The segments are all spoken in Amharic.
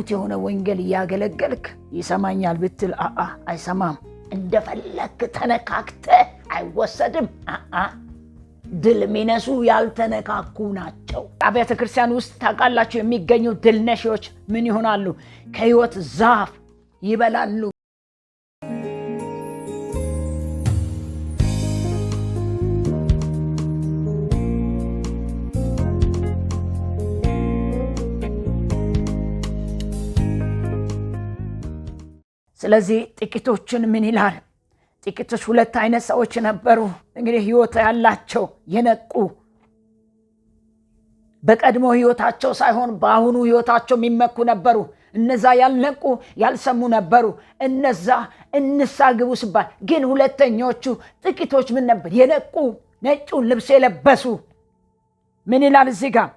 ትሁት የሆነ ወንጌል እያገለገልክ ይሰማኛል ብትል አ አይሰማም። እንደፈለክ ተነካክተ አይወሰድም። አ ድል ሚነሱ ያልተነካኩ ናቸው። አብያተ ክርስቲያን ውስጥ ታውቃላችሁ፣ የሚገኙ ድልነሺዎች ምን ይሆናሉ? ከህይወት ዛፍ ይበላሉ ስለዚህ ጥቂቶችን ምን ይላል? ጥቂቶች ሁለት አይነት ሰዎች ነበሩ። እንግዲህ ህይወት ያላቸው የነቁ በቀድሞ ህይወታቸው ሳይሆን በአሁኑ ህይወታቸው የሚመኩ ነበሩ። እነዛ ያልነቁ ያልሰሙ ነበሩ። እነዛ እንሳ ግቡ ሲባል ግን ሁለተኞቹ ጥቂቶች ምን ነበር? የነቁ ነጩን ልብስ የለበሱ ምን ይላል እዚህ ጋር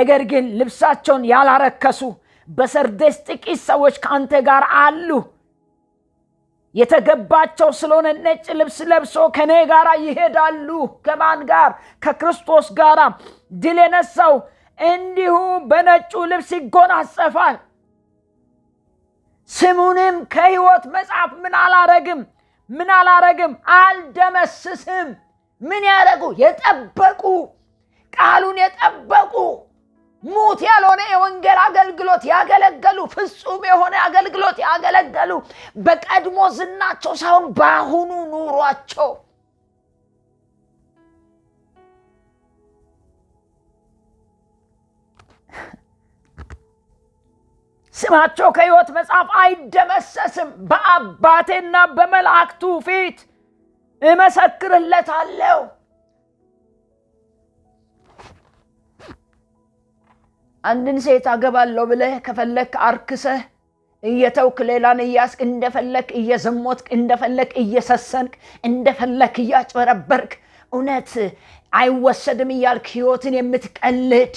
ነገር ግን ልብሳቸውን ያላረከሱ በሰርዴስ ጥቂት ሰዎች ከአንተ ጋር አሉ የተገባቸው ስለሆነ ነጭ ልብስ ለብሶ ከኔ ጋር ይሄዳሉ። ከማን ጋር? ከክርስቶስ ጋር። ድል የነሳው እንዲሁ በነጩ ልብስ ይጎናጸፋል። ስሙንም ከሕይወት መጽሐፍ ምን አላረግም፣ ምን አላረግም፣ አልደመስስም። ምን ያደረጉ? የጠበቁ ቃሉን የጠበቁ ሙት ያልሆነ የወንጌል አገልግሎት ያገለገሉ ፍጹም የሆነ አገልግሎት ያገለገሉ በቀድሞ ዝናቸው ሳይሆን በአሁኑ ኑሯቸው ስማቸው ከሕይወት መጽሐፍ አይደመሰስም። በአባቴና በመላእክቱ ፊት እመሰክርለታለሁ። አንድን ሴት አገባለሁ ብለህ ከፈለክ አርክሰህ እየተውክ ሌላን እያስክ እንደፈለክ እየዘሞትክ እንደፈለክ እየሰሰንክ እንደፈለክ እያጭበረበርክ እውነት አይወሰድም እያልክ ህይወትን የምትቀልድ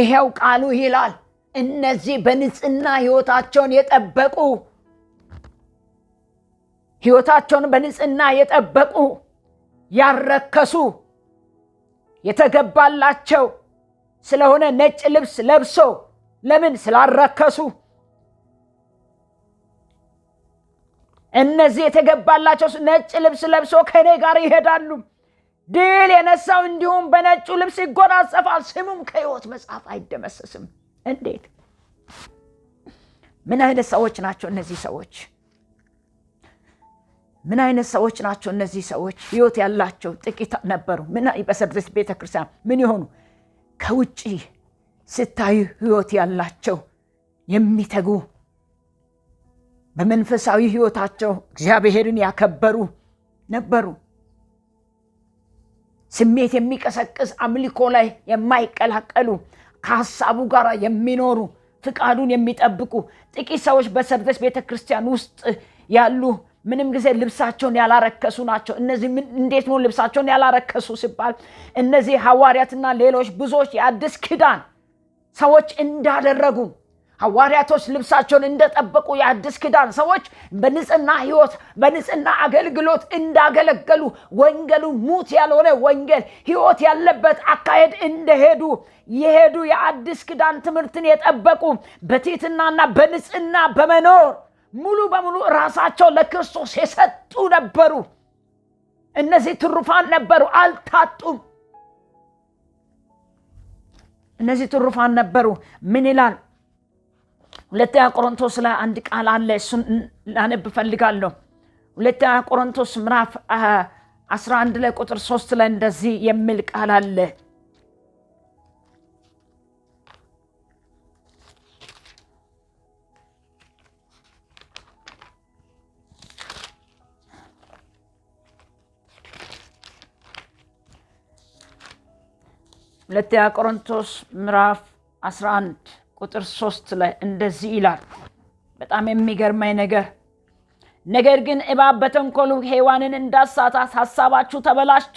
ይሄው ቃሉ ይላል። እነዚህ በንጽህና ህይወታቸውን የጠበቁ ህይወታቸውን በንጽህና የጠበቁ ያረከሱ የተገባላቸው ስለሆነ ነጭ ልብስ ለብሶ ለምን ስላረከሱ እነዚህ የተገባላቸው ነጭ ልብስ ለብሶ ከእኔ ጋር ይሄዳሉ። ድል የነሳው እንዲሁም በነጩ ልብስ ይጎናጸፋል፣ ስሙም ከህይወት መጽሐፍ አይደመሰስም። እንዴት! ምን አይነት ሰዎች ናቸው እነዚህ ሰዎች? ምን አይነት ሰዎች ናቸው እነዚህ ሰዎች? ህይወት ያላቸው ጥቂት ነበሩ። ምን ቤተክርስቲያን ምን ይሆኑ? ከውጭ ስታዩ ህይወት ያላቸው የሚተጉ በመንፈሳዊ ህይወታቸው እግዚአብሔርን ያከበሩ ነበሩ። ስሜት የሚቀሰቅስ አምልኮ ላይ የማይቀላቀሉ ከሀሳቡ ጋር የሚኖሩ ፍቃዱን የሚጠብቁ ጥቂት ሰዎች በሰርደስ ቤተ ክርስቲያን ውስጥ ያሉ ምንም ጊዜ ልብሳቸውን ያላረከሱ ናቸው። እነዚህ እንዴት ነው ልብሳቸውን ያላረከሱ ሲባል እነዚህ ሐዋርያትና ሌሎች ብዙዎች የአዲስ ኪዳን ሰዎች እንዳደረጉ ሐዋርያቶች ልብሳቸውን እንደጠበቁ የአዲስ ኪዳን ሰዎች በንጽህና ህይወት በንጽህና አገልግሎት እንዳገለገሉ ወንጌሉ ሙት ያልሆነ ወንጌል ህይወት ያለበት አካሄድ እንደሄዱ የሄዱ የአዲስ ኪዳን ትምህርትን የጠበቁ በትሕትናና በንጽህና በመኖር ሙሉ በሙሉ ራሳቸው ለክርስቶስ የሰጡ ነበሩ። እነዚህ ትሩፋን ነበሩ፣ አልታጡም። እነዚህ ትሩፋን ነበሩ። ምን ይላል? ሁለተኛ ቆሮንቶስ ላይ አንድ ቃል አለ። እሱን ላነብ እፈልጋለሁ። ሁለተኛ ቆሮንቶስ ምዕራፍ 11 ላይ ቁጥር 3 ላይ እንደዚህ የሚል ቃል አለ ሁለተኛ ቆሮንቶስ ምዕራፍ 11 ቁጥር 3 ላይ እንደዚህ ይላል። በጣም የሚገርመኝ ነገር ነገር ግን እባብ በተንኮሉ ሔዋንን እንዳሳታት ሀሳባችሁ ተበላሽቶ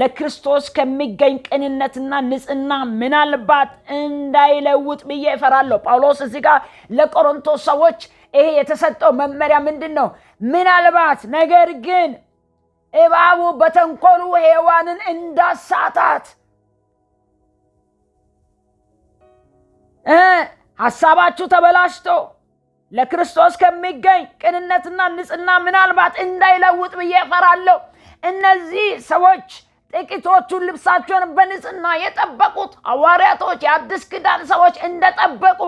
ለክርስቶስ ከሚገኝ ቅንነትና ንጽህና ምናልባት እንዳይለውጥ ብዬ እፈራለሁ። ጳውሎስ እዚህ ጋር ለቆሮንቶስ ሰዎች ይሄ የተሰጠው መመሪያ ምንድን ነው? ምናልባት ነገር ግን እባቡ በተንኮሉ ሔዋንን እንዳሳታት ሐሳባችሁ ተበላሽቶ ለክርስቶስ ከሚገኝ ቅንነትና ንጽህና ምናልባት እንዳይለውጥ ብዬ እፈራለሁ። እነዚህ ሰዎች ጥቂቶቹን ልብሳቸውን በንጽህና የጠበቁት ሐዋርያቶች፣ የአዲስ ኪዳን ሰዎች እንደጠበቁ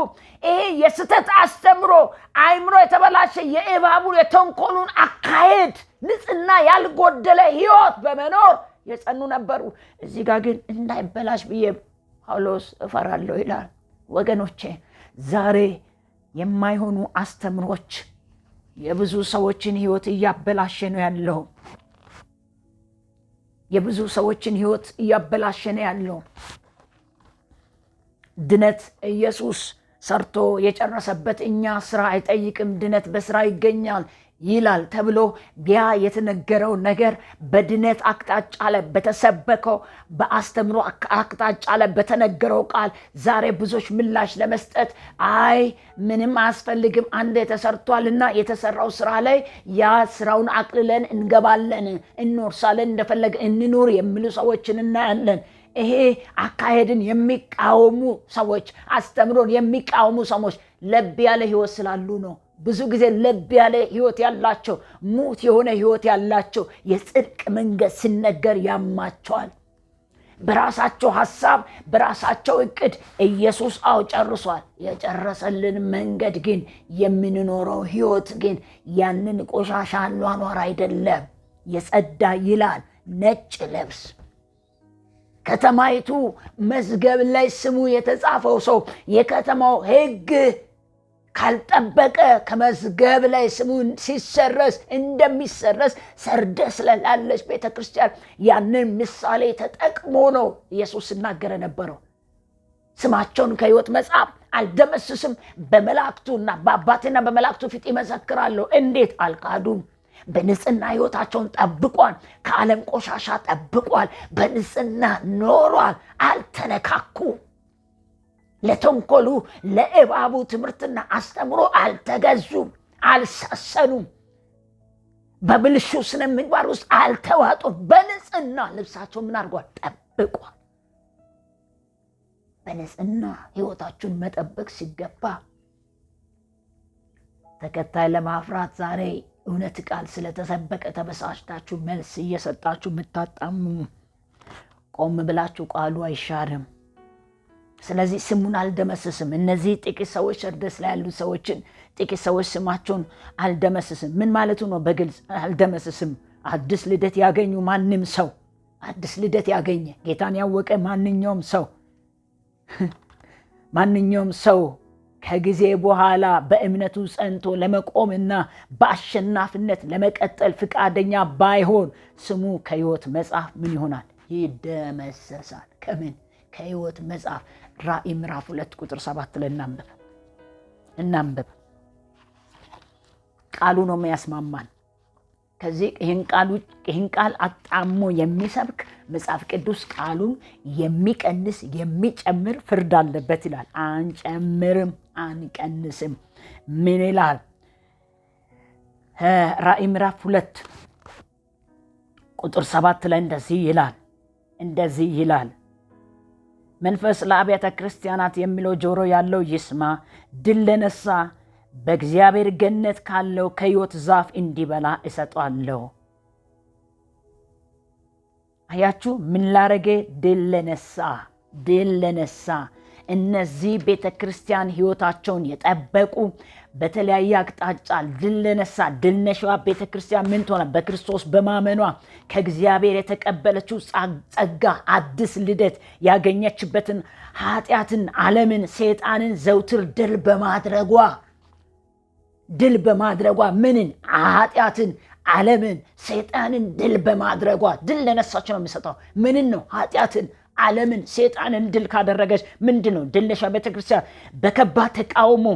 ይሄ የስህተት አስተምሮ አይምሮ የተበላሸ የእባቡ የተንኮሉን አካሄድ ንጽህና ያልጎደለ ህይወት በመኖር የጸኑ ነበሩ። እዚህ ጋር ግን እንዳይበላሽ ብዬ ጳውሎስ እፈራለሁ ይላል። ወገኖቼ ዛሬ የማይሆኑ አስተምሮች የብዙ ሰዎችን ህይወት እያበላሸ ነው ያለው። የብዙ ሰዎችን ህይወት እያበላሸ ነው ያለው። ድነት ኢየሱስ ሰርቶ የጨረሰበት እኛ ስራ አይጠይቅም። ድነት በስራ ይገኛል። ይላል ተብሎ ቢያ የተነገረው ነገር በድነት አቅጣጫ ላይ በተሰበከው በአስተምሮ አቅጣጫ ላይ በተነገረው ቃል ዛሬ ብዙዎች ምላሽ ለመስጠት አይ ምንም አያስፈልግም፣ አንድ ተሰርቷልና የተሰራው ስራ ላይ ያ ስራውን አቅልለን እንገባለን፣ እንወርሳለን፣ እንደፈለገ እንኖር የሚሉ ሰዎችን እናያለን። ይሄ አካሄድን የሚቃወሙ ሰዎች፣ አስተምሮን የሚቃወሙ ሰዎች ለብ ያለ ህይወት ስላሉ ነው። ብዙ ጊዜ ለብ ያለ ህይወት ያላቸው ሙት የሆነ ህይወት ያላቸው የጽድቅ መንገድ ሲነገር ያማቸዋል። በራሳቸው ሀሳብ በራሳቸው እቅድ ኢየሱስ አው ጨርሷል። የጨረሰልን መንገድ ግን የምንኖረው ህይወት ግን ያንን ቆሻሻ አኗኗር አይደለም። የጸዳ ይላል ነጭ ልብስ ከተማይቱ መዝገብ ላይ ስሙ የተጻፈው ሰው የከተማው ህግ ካልጠበቀ ከመዝገብ ላይ ስሙን ሲሰረስ እንደሚሰረስ ሰርደ ስለላለች ቤተ ክርስቲያን ያንን ምሳሌ ተጠቅሞ ነው ኢየሱስ ሲናገረ ነበረው። ስማቸውን ከሕይወት መጽሐፍ አልደመስስም፣ በመላእክቱና በአባቴና በመላእክቱ ፊት ይመሰክራለሁ። እንዴት አልካዱም። በንጽህና ህይወታቸውን ጠብቋል። ከዓለም ቆሻሻ ጠብቋል። በንጽህና ኖሯል። አልተነካኩም። ለተንኮሉ ለእባቡ ትምህርትና አስተምሮ አልተገዙም፣ አልሳሰኑም። በብልሹ ስነ ምግባር ውስጥ አልተዋጡም። በንጽህና ልብሳቸው ምን አድርጓል? ጠብቋል። በንጽህና ህይወታችሁን መጠበቅ ሲገባ ተከታይ ለማፍራት ዛሬ እውነት ቃል ስለተሰበቀ ተበሳጭታችሁ መልስ እየሰጣችሁ የምታጣሙ ቆም ብላችሁ ቃሉ አይሻርም። ስለዚህ ስሙን አልደመስስም። እነዚህ ጥቂት ሰዎች እርደስ ላይ ያሉ ሰዎችን ጥቂት ሰዎች ስማቸውን አልደመስስም። ምን ማለቱ ነው? በግልጽ አልደመስስም። አዲስ ልደት ያገኙ ማንም ሰው አዲስ ልደት ያገኘ ጌታን ያወቀ ማንኛውም ሰው ማንኛውም ሰው ከጊዜ በኋላ በእምነቱ ጸንቶ ለመቆምና በአሸናፊነት ለመቀጠል ፍቃደኛ ባይሆን ስሙ ከሕይወት መጽሐፍ ምን ይሆናል? ይደመሰሳል። ከምን ከሕይወት መጽሐፍ ራእይ ምዕራፍ ሁለት ቁጥር ሰባት ላይ እናንብብ እናንብብ። ቃሉ ነው የሚያስማማን። ከዚህ ይህን ቃል አጣሞ የሚሰብክ መጽሐፍ ቅዱስ ቃሉን የሚቀንስ የሚጨምር ፍርድ አለበት ይላል። አንጨምርም፣ አንቀንስም። ምን ይላል? ራእይ ምዕራፍ ሁለት ቁጥር ሰባት ላይ እንደዚህ ይላል እንደዚህ ይላል መንፈስ ለአብያተ ክርስቲያናት የሚለው ጆሮ ያለው ይስማ። ድል ለነሳ በእግዚአብሔር ገነት ካለው ከሕይወት ዛፍ እንዲበላ እሰጧለሁ። አያችሁ፣ ምን ላረገ? ድል ለነሳ ድል ለነሳ እነዚህ ቤተ ክርስቲያን ሕይወታቸውን የጠበቁ በተለያየ አቅጣጫ ድል ነሳ ድል ነሽዋ ቤተ ክርስቲያን ምን ትሆነ? በክርስቶስ በማመኗ ከእግዚአብሔር የተቀበለችው ጸጋ አዲስ ልደት ያገኘችበትን ኃጢአትን፣ ዓለምን፣ ሴጣንን ዘውትር ድል በማድረጓ ድል በማድረጓ ምንን? ኃጢአትን፣ ዓለምን፣ ሰይጣንን ድል በማድረጓ ድል ለነሳች ነው የሚሰጠው። ምንን ነው? ኃጢአትን ዓለምን ሰይጣንን ድል ካደረገች ምንድን ነው ድል ነሻ ቤተክርስቲያን በከባድ ተቃውሞ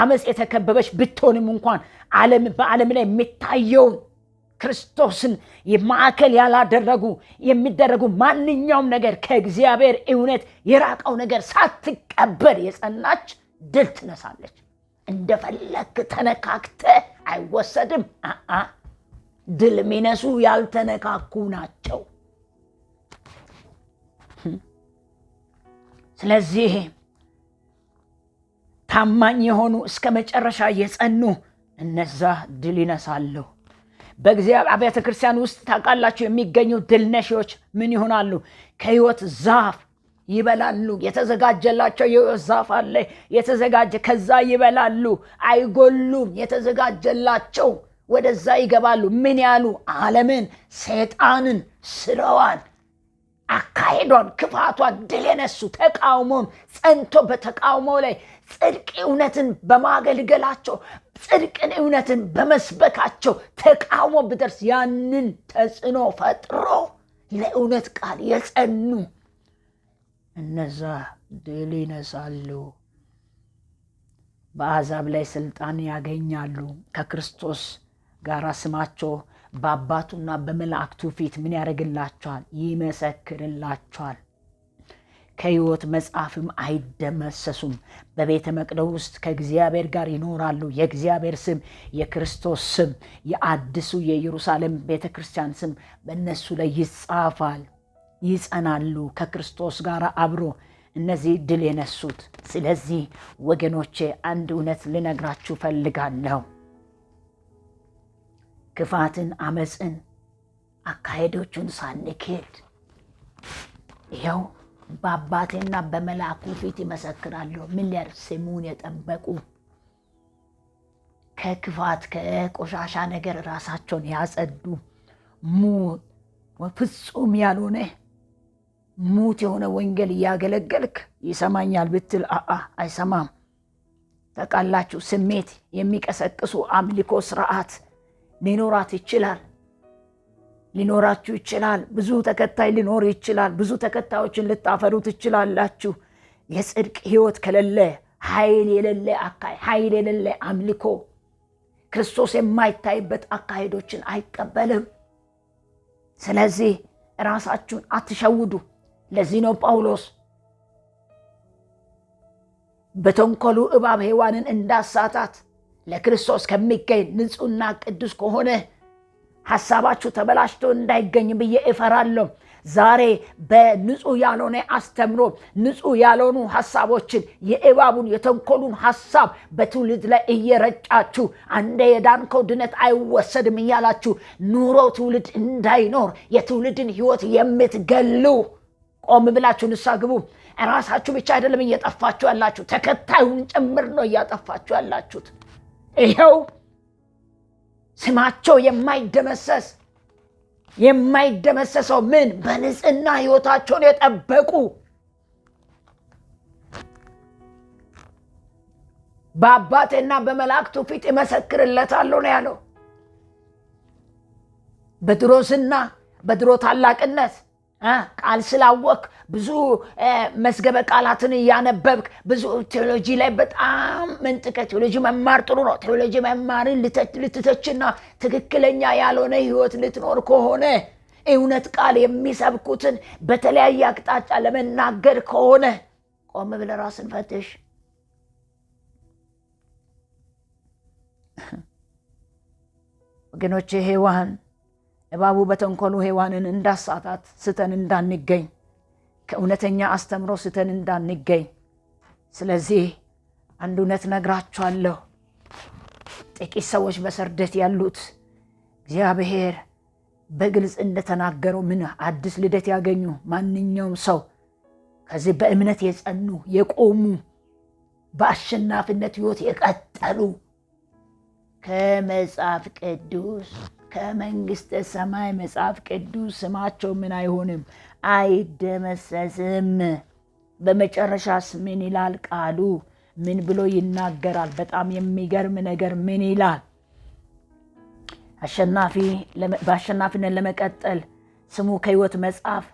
አመፅ የተከበበች ብትሆንም እንኳን በዓለም ላይ የሚታየውን ክርስቶስን ማዕከል ያላደረጉ የሚደረጉ ማንኛውም ነገር ከእግዚአብሔር እውነት የራቀው ነገር ሳትቀበል የጸናች ድል ትነሳለች። እንደፈለክ ተነካክተ አይወሰድም። ድል የሚነሱ ያልተነካኩ ናቸው። ስለዚህ ታማኝ የሆኑ እስከ መጨረሻ የጸኑ እነዛ ድል ይነሳለሁ። በእግዚአብሔር አብያተ ክርስቲያን ውስጥ ታውቃላችሁ፣ የሚገኙ ድል ነሺዎች ምን ይሆናሉ? ከህይወት ዛፍ ይበላሉ። የተዘጋጀላቸው የህይወት ዛፍ አለ፣ የተዘጋጀ ከዛ ይበላሉ፣ አይጎሉም። የተዘጋጀላቸው ወደዛ ይገባሉ። ምን ያሉ? ዓለምን፣ ሰይጣንን፣ ስራዋን፣ አካሄዷን፣ ክፋቷን ድል የነሱ ተቃውሞም ጸንቶ በተቃውሞ ላይ ጽድቅ እውነትን በማገልገላቸው ጽድቅን እውነትን በመስበካቸው ተቃውሞ ብደርስ ያንን ተጽዕኖ ፈጥሮ ለእውነት ቃል የጸኑ እነዛ ድል ይነሳሉ፣ በአሕዛብ ላይ ስልጣን ያገኛሉ። ከክርስቶስ ጋር ስማቸው በአባቱና በመላእክቱ ፊት ምን ያደርግላቸዋል? ይመሰክርላቸዋል። ከሕይወት መጽሐፍም አይደመሰሱም። በቤተ መቅደስ ውስጥ ከእግዚአብሔር ጋር ይኖራሉ። የእግዚአብሔር ስም፣ የክርስቶስ ስም፣ የአዲሱ የኢየሩሳሌም ቤተ ክርስቲያን ስም በእነሱ ላይ ይጻፋል። ይጸናሉ ከክርስቶስ ጋር አብሮ እነዚህ ድል የነሱት። ስለዚህ ወገኖቼ አንድ እውነት ልነግራችሁ ፈልጋለሁ። ክፋትን፣ አመፅን፣ አካሄዶቹን ሳንኬድ ይኸው በአባቴና በመልአኩ ፊት ይመሰክራለሁ። ምለር ስሙን የጠበቁ ከክፋት ከቆሻሻ ነገር ራሳቸውን ያጸዱ ሙት ፍጹም ያልሆነ ሙት የሆነ ወንጌል እያገለገልክ ይሰማኛል ብትል አአ አይሰማም። ተቃላችሁ ስሜት የሚቀሰቅሱ አምልኮ ስርዓት ሊኖራት ይችላል። ሊኖራችሁ ይችላል። ብዙ ተከታይ ሊኖር ይችላል። ብዙ ተከታዮችን ልታፈሩ ትችላላችሁ። የጽድቅ ህይወት ከሌለ ኃይል የሌለ አካሄድ፣ ኃይል የሌለ አምልኮ፣ ክርስቶስ የማይታይበት አካሄዶችን አይቀበልም። ስለዚህ ራሳችሁን አትሸውዱ። ለዚህ ነው ጳውሎስ በተንኮሉ እባብ ሔዋንን እንዳሳታት ለክርስቶስ ከሚገኝ ንጹሕና ቅዱስ ከሆነ ሀሳባችሁ ተበላሽቶ እንዳይገኝ ብዬ እፈራለሁ። ዛሬ በንጹህ ያልሆነ አስተምሮ ንጹህ ያልሆኑ ሀሳቦችን የእባቡን የተንኮሉን ሀሳብ በትውልድ ላይ እየረጫችሁ አንደ የዳንከው ድነት አይወሰድም እያላችሁ ኑሮ ትውልድ እንዳይኖር የትውልድን ህይወት የምትገሉ ቆም ብላችሁ ንስሐ ግቡ። ራሳችሁ ብቻ አይደለም እየጠፋችሁ ያላችሁ፣ ተከታዩን ጭምር ነው እያጠፋችሁ ያላችሁት ይኸው ስማቸው የማይደመሰስ የማይደመሰሰው ምን በንጽህና ህይወታቸውን የጠበቁ በአባቴና በመላእክቱ ፊት እመሰክርለታለሁ ነው ያለው። በድሮ ዝና፣ በድሮ ታላቅነት ቃል ስላወቅ ብዙ መዝገበ ቃላትን እያነበብክ ብዙ ቴዎሎጂ ላይ በጣም መንጥቀ ቴዎሎጂ መማር ጥሩ ነው። ቴዎሎጂ መማርን ልትተችና ትክክለኛ ያልሆነ ህይወት ልትኖር ከሆነ እውነት ቃል የሚሰብኩትን በተለያየ አቅጣጫ ለመናገር ከሆነ ቆም ብለ ራስን ፈትሽ። ወገኖች ሔዋን እባቡ በተንኮሉ ሔዋንን እንዳሳታት ስተን እንዳንገኝ ከእውነተኛ አስተምሮ ስተን እንዳንገኝ። ስለዚህ አንድ እውነት ነግራችኋለሁ። ጥቂት ሰዎች በሰርደት ያሉት እግዚአብሔር በግልጽ እንደተናገረው ምን አዲስ ልደት ያገኙ ማንኛውም ሰው ከዚህ በእምነት የጸኑ የቆሙ በአሸናፊነት ሕይወት የቀጠሉ ከመጽሐፍ ቅዱስ ከመንግስተ ሰማይ መጽሐፍ ቅዱስ ስማቸው ምን አይሆንም አይደመሰስም። በመጨረሻስ ምን ይላል ቃሉ? ምን ብሎ ይናገራል? በጣም የሚገርም ነገር ምን ይላል? በአሸናፊነት ለመቀጠል ስሙ ከህይወት መጽሐፍ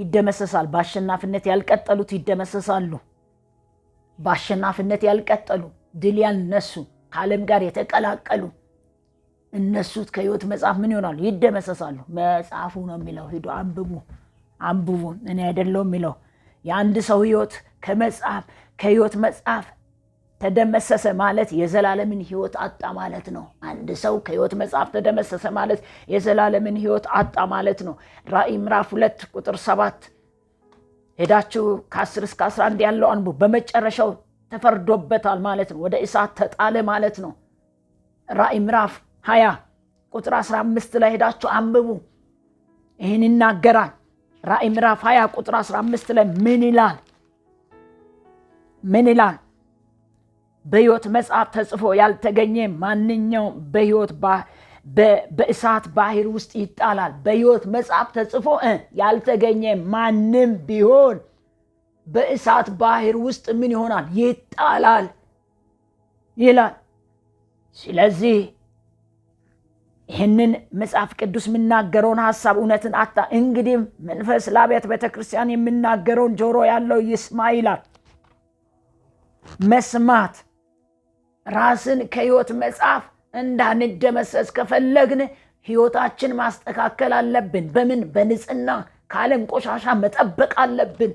ይደመሰሳል። በአሸናፊነት ያልቀጠሉት ይደመሰሳሉ። በአሸናፊነት ያልቀጠሉ ድል ያልነሱ ከዓለም ጋር የተቀላቀሉ እነሱት ከህይወት መጽሐፍ ምን ይሆናሉ? ይደመሰሳሉ። መጽሐፉ ነው የሚለው። ሂዱ አንብቡ፣ አንብቡ። እኔ አይደለሁም የሚለው የአንድ ሰው ህይወት ከመጽሐፍ ከህይወት መጽሐፍ ተደመሰሰ ማለት የዘላለምን ህይወት አጣ ማለት ነው። አንድ ሰው ከህይወት መጽሐፍ ተደመሰሰ ማለት የዘላለምን ህይወት አጣ ማለት ነው። ራእይ ምዕራፍ ሁለት ቁጥር ሰባት ሄዳችሁ ከ10 እስከ 11 ያለው አንቡ በመጨረሻው ተፈርዶበታል ማለት ነው። ወደ እሳት ተጣለ ማለት ነው። ራእይ ምዕራፍ ሀያ ቁጥር 15 ላይ ሄዳችሁ አንብቡ። ይህን ይናገራል። ራእይ ምዕራፍ 20 ቁጥር 15 ላይ ምን ይላል? ምን ይላል? በሕይወት መጽሐፍ ተጽፎ ያልተገኘ ማንኛውም በሕይወት በእሳት ባህር ውስጥ ይጣላል። በሕይወት መጽሐፍ ተጽፎ ያልተገኘ ማንም ቢሆን በእሳት ባህር ውስጥ ምን ይሆናል? ይጣላል ይላል። ስለዚህ ይህንን መጽሐፍ ቅዱስ የምናገረውን ሀሳብ እውነትን አታ እንግዲህ መንፈስ ለአብያተ ቤተክርስቲያን የምናገረውን ጆሮ ያለው ይስማ ይላል። መስማት ራስን ከህይወት መጽሐፍ እንዳንደመሰስ ከፈለግን ህይወታችን ማስተካከል አለብን። በምን በንጽህና ከዓለም ቆሻሻ መጠበቅ አለብን።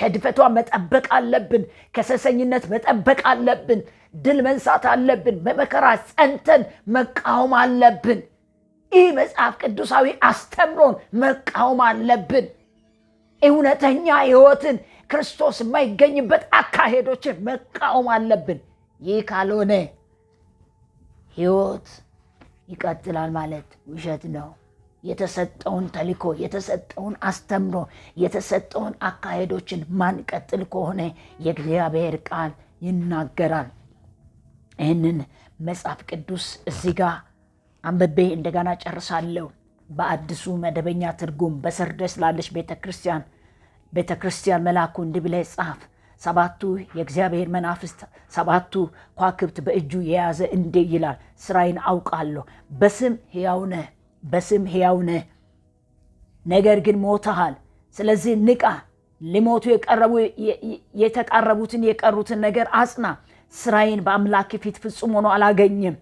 ከድፈቷ መጠበቅ አለብን። ከሰሰኝነት መጠበቅ አለብን። ድል መንሳት አለብን። በመከራ ጸንተን መቃወም አለብን። ይህ መጽሐፍ ቅዱሳዊ አስተምሮን መቃወም አለብን። እውነተኛ ሕይወትን ክርስቶስ የማይገኝበት አካሄዶችን መቃወም አለብን። ይህ ካልሆነ ሕይወት ይቀጥላል ማለት ውሸት ነው። የተሰጠውን ተልእኮ የተሰጠውን አስተምሮ የተሰጠውን አካሄዶችን ማንቀጥል ከሆነ የእግዚአብሔር ቃል ይናገራል። ይህንን መጽሐፍ ቅዱስ እዚህ ጋር አንብቤ እንደገና ጨርሳለሁ። በአዲሱ መደበኛ ትርጉም በሰርዴስ ላለች ቤተ ክርስቲያን ቤተ ክርስቲያን መልአኩ እንዲህ ብለህ ጻፍ ሰባቱ የእግዚአብሔር መናፍስት ሰባቱ ከዋክብት በእጁ የያዘ እንዲህ ይላል፣ ስራይን አውቃለሁ፣ በስም ሕያው ነህ በስም ሕያው ነህ፣ ነገር ግን ሞተሃል። ስለዚህ ንቃ፣ ሊሞቱ የቀረቡ የተቃረቡትን የቀሩትን ነገር አጽና። ስራዬን በአምላክ ፊት ፍጹም ሆኖ አላገኝም።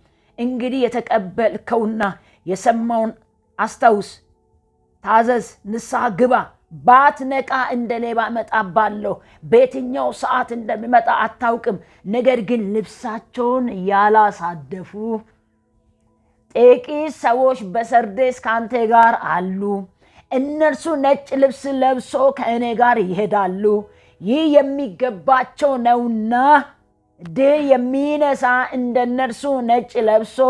እንግዲህ የተቀበልከውና የሰማውን አስታውስ፣ ታዘዝ፣ ንስሐ ግባ። ባትነቃ እንደ ሌባ እመጣባለሁ፣ በየትኛው ሰዓት እንደሚመጣ አታውቅም። ነገር ግን ልብሳቸውን ያላሳደፉ ጥቂት ሰዎች በሰርዴስ ከአንተ ጋር አሉ። እነርሱ ነጭ ልብስ ለብሶ ከእኔ ጋር ይሄዳሉ። ይህ የሚገባቸው ነውና ድ የሚነሳ እንደ ነጭ ለብሶ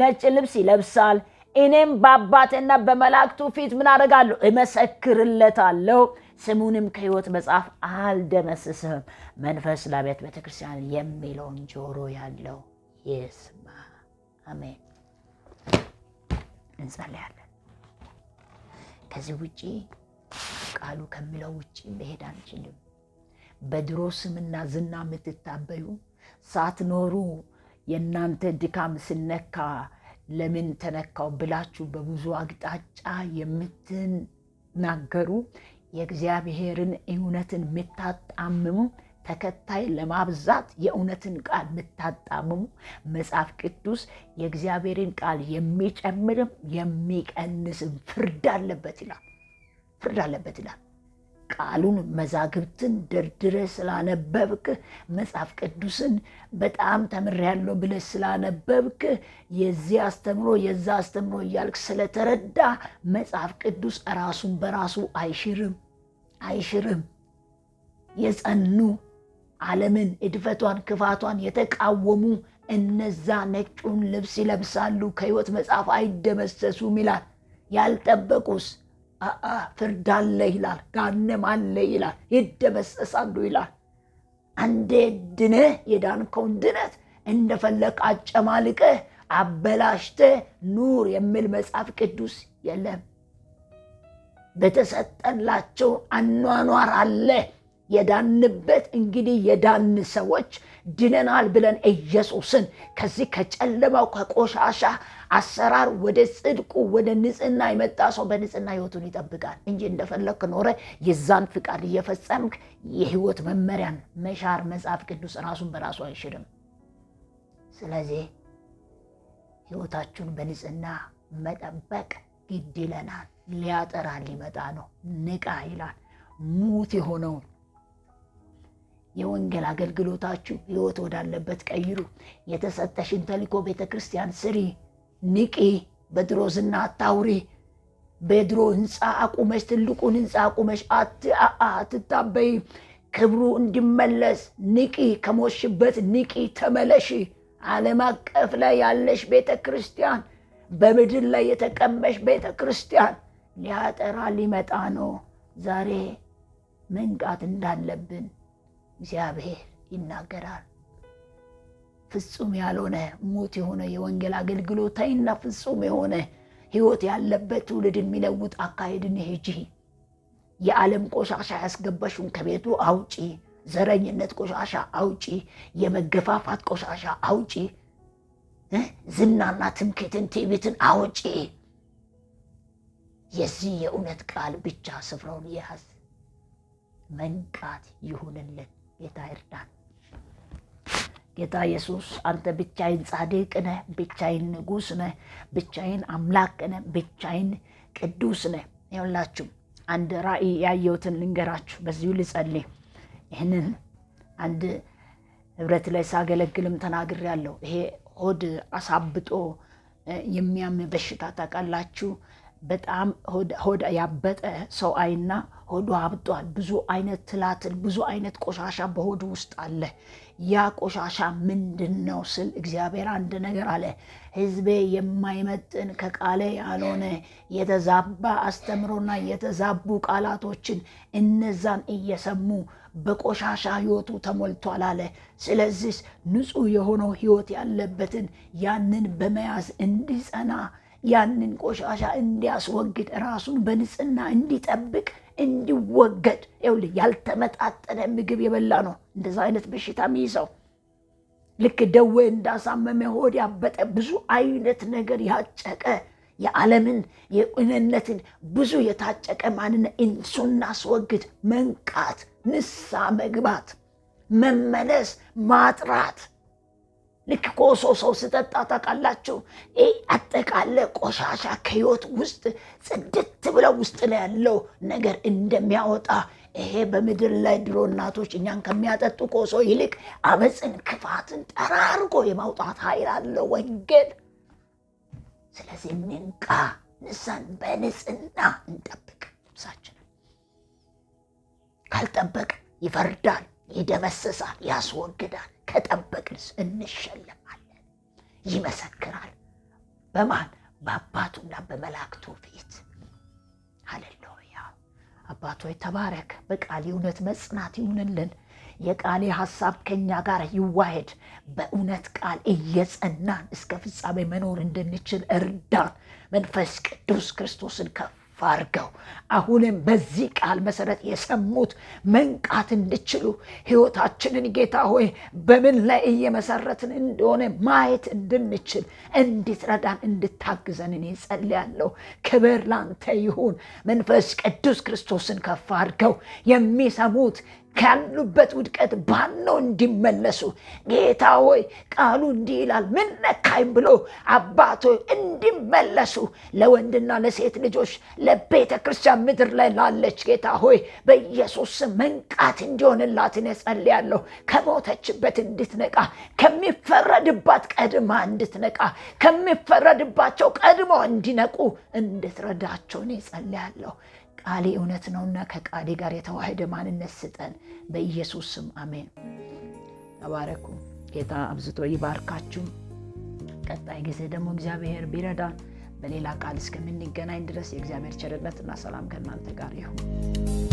ነጭ ልብስ ይለብሳል። እኔም በአባቴና በመላእክቱ ፊት ምን አደርጋለሁ? እመሰክርለታለሁ። ስሙንም ከሕይወት መጽሐፍ አልደመስስም። መንፈስ ለአብያተ ቤተክርስቲያን የሚለውን ጆሮ ያለው ይስማ። አሜን። እንጸለያለን። ከዚህ ውጪ ቃሉ ከሚለው ውጪ መሄድ አንችልም። በድሮ ስምና ዝና የምትታበዩ ሳትኖሩ የእናንተ ድካም ስነካ ለምን ተነካው ብላችሁ በብዙ አቅጣጫ የምትናገሩ የእግዚአብሔርን እውነትን የምታጣምሙ ተከታይ ለማብዛት የእውነትን ቃል የምታጣምሙ መጽሐፍ ቅዱስ የእግዚአብሔርን ቃል የሚጨምርም የሚቀንስም ፍርድ አለበት ይላል። ፍርድ አለበት ይላል። ቃሉን መዛግብትን ደርድረ ስላነበብክ መጽሐፍ ቅዱስን በጣም ተምሬያለሁ ብለህ ስላነበብክ የዚህ አስተምሮ የዛ አስተምሮ እያልክ ስለተረዳ መጽሐፍ ቅዱስ ራሱን በራሱ አይሽርም አይሽርም የጸኑ ዓለምን እድፈቷን፣ ክፋቷን የተቃወሙ እነዛ ነጩን ልብስ ይለብሳሉ፣ ከሕይወት መጽሐፍ አይደመሰሱም ይላል። ያልጠበቁስ አአ ፍርድ አለ ይላል፣ ጋነም አለ ይላል፣ ይደመሰሳሉ ይላል። አንዴ ድነህ የዳንከውን ድነት እንደፈለግ አጨማልቀህ አበላሽተህ ኑር የሚል መጽሐፍ ቅዱስ የለም። በተሰጠላቸው አኗኗር አለ የዳንበት እንግዲህ የዳን ሰዎች ድነናል ብለን ኢየሱስን ከዚህ ከጨለማው ከቆሻሻ አሰራር ወደ ጽድቁ ወደ ንጽህና የመጣ ሰው በንጽህና ህይወቱን ይጠብቃል እንጂ እንደፈለግክ ኖረ የዛን ፍቃድ እየፈጸምክ የህይወት መመሪያን መሻር መጽሐፍ ቅዱስ ራሱን በራሱ አይሽርም። ስለዚህ ህይወታችሁን በንጽህና መጠበቅ ግድ ይለናል። ሊያጠራ ሊመጣ ነው። ንቃ ይላል ሙት የሆነውን የወንጌል አገልግሎታችሁ ህይወት ወዳለበት ቀይሩ። የተሰጠሽን ተልእኮ ቤተ ክርስቲያን ስሪ፣ ንቂ፣ በድሮ ዝና አታውሪ። በድሮ ህንፃ አቁመሽ ትልቁን ህንፃ አቁመሽ አትታበይ። ክብሩ እንዲመለስ ንቂ፣ ከሞሽበት ንቂ፣ ተመለሺ። ዓለም አቀፍ ላይ ያለሽ ቤተ ክርስቲያን፣ በምድር ላይ የተቀመሽ ቤተ ክርስቲያን ሊያጠራ ሊመጣ ነው። ዛሬ መንቃት እንዳለብን እግዚአብሔር ይናገራል። ፍጹም ያልሆነ ሙት የሆነ የወንጌል አገልግሎታይና ፍጹም የሆነ ህይወት ያለበት ትውልድ የሚለውጥ አካሄድን ሄጂ የዓለም ቆሻሻ ያስገባሽውን ከቤቱ አውጪ። ዘረኝነት ቆሻሻ አውጪ። የመገፋፋት ቆሻሻ አውጪ። ዝናና ትምክህትን፣ ትዕቢትን አውጪ። የዚህ የእውነት ቃል ብቻ ስፍራውን የያዝ መንቃት ይሁንልን። ጌታ ይርዳን። ጌታ ኢየሱስ አንተ ብቻይን ጻድቅ ነህ፣ ብቻይን ንጉስ ነህ፣ ብቻይን አምላክ ነህ፣ ብቻይን ቅዱስ ነህ። ይሁላችሁ አንድ ራእይ ያየሁትን ልንገራችሁ፣ በዚሁ ልጸልይ። ይህንን አንድ ህብረት ላይ ሳገለግልም ተናግሬያለሁ። ይሄ ሆድ አሳብጦ የሚያም በሽታ ታውቃላችሁ። በጣም ሆዳ ያበጠ ሰው አይና ሆዱ አብጧል። ብዙ አይነት ትላትል፣ ብዙ አይነት ቆሻሻ በሆዱ ውስጥ አለ። ያ ቆሻሻ ምንድን ነው ስል እግዚአብሔር አንድ ነገር አለ። ህዝቤ የማይመጥን ከቃሌ ያልሆነ የተዛባ አስተምሮና የተዛቡ ቃላቶችን እነዛን እየሰሙ በቆሻሻ ህይወቱ ተሞልቷል አለ። ስለዚህ ንጹህ የሆነው ህይወት ያለበትን ያንን በመያዝ እንዲጸና ያንን ቆሻሻ እንዲያስወግድ ራሱን በንጽህና እንዲጠብቅ እንዲወገድ። ይኸውልህ ያልተመጣጠነ ምግብ የበላ ነው እንደዛ አይነት በሽታ የሚይዘው። ልክ ደዌ እንዳሳመመ ሆድ ያበጠ ብዙ አይነት ነገር ያጨቀ የዓለምን የእነነትን ብዙ የታጨቀ ማንነት እሱን እናስወግድ። መንቃት፣ ንሳ መግባት፣ መመለስ፣ ማጥራት ልክ ኮሶ ሰው ስጠጣ ታውቃላችሁ። አጠቃለ ቆሻሻ ከህይወት ውስጥ ጽድት ብለው ውስጥ ላይ ያለው ነገር እንደሚያወጣ ይሄ በምድር ላይ ድሮ እናቶች እኛን ከሚያጠጡ ኮሶ ይልቅ አመፅን፣ ክፋትን ጠራርጎ የማውጣት ኃይል አለው ወንጌል። ስለዚህ እንንቃ፣ ንሳን በንጽህና እንጠብቅ። ልብሳችንን ካልጠበቅ ይፈርዳል፣ ይደመስሳል፣ ያስወግዳል። ከጠበቅንስ እንሸለማለን። ይመሰክራል በማን በአባቱና በመላእክቱ ፊት። ሃሌሉያ። አባቶ ተባረክ። በቃል እውነት መጽናት ይሁንልን። የቃሌ ሐሳብ ከኛ ጋር ይዋሄድ። በእውነት ቃል እየጸናን እስከ ፍጻሜ መኖር እንድንችል እርዳን። መንፈስ ቅዱስ ክርስቶስን ከፍ አድርገው አሁንም በዚህ ቃል መሰረት የሰሙት መንቃት እንዲችሉ ህይወታችንን ጌታ ሆይ በምን ላይ እየመሰረትን እንደሆነ ማየት እንድንችል እንድትረዳን እንድታግዘን እኔ ጸልያለሁ። ክብር ላንተ ይሁን። መንፈስ ቅዱስ ክርስቶስን ከፍ አድርገው የሚሰሙት ካሉበት ውድቀት ባለው እንዲመለሱ ጌታ ሆይ ቃሉ እንዲህ ይላል፣ ምን ነካኝ ብሎ አባቶ እንዲመለሱ ለወንድና ለሴት ልጆች ለቤተ ክርስቲያን ምድር ላይ ላለች ጌታ ሆይ በኢየሱስ መንቃት እንዲሆንላት እኔ ጸልያለሁ። ከሞተችበት እንድትነቃ ከሚፈረድባት ቀድማ እንድትነቃ ከሚፈረድባቸው ቀድሞ እንዲነቁ እንድትረዳቸው እኔ ጸልያለሁ። ቃሌ እውነት ነውና ከቃሌ ጋር የተዋህደ ማንነት ስጠን። በኢየሱስ ስም አሜን። ተባረኩ። ጌታ አብዝቶ ይባርካችሁ። ቀጣይ ጊዜ ደግሞ እግዚአብሔር ቢረዳን በሌላ ቃል እስከምንገናኝ ድረስ የእግዚአብሔር ቸርነትና ሰላም ከእናንተ ጋር ይሁን።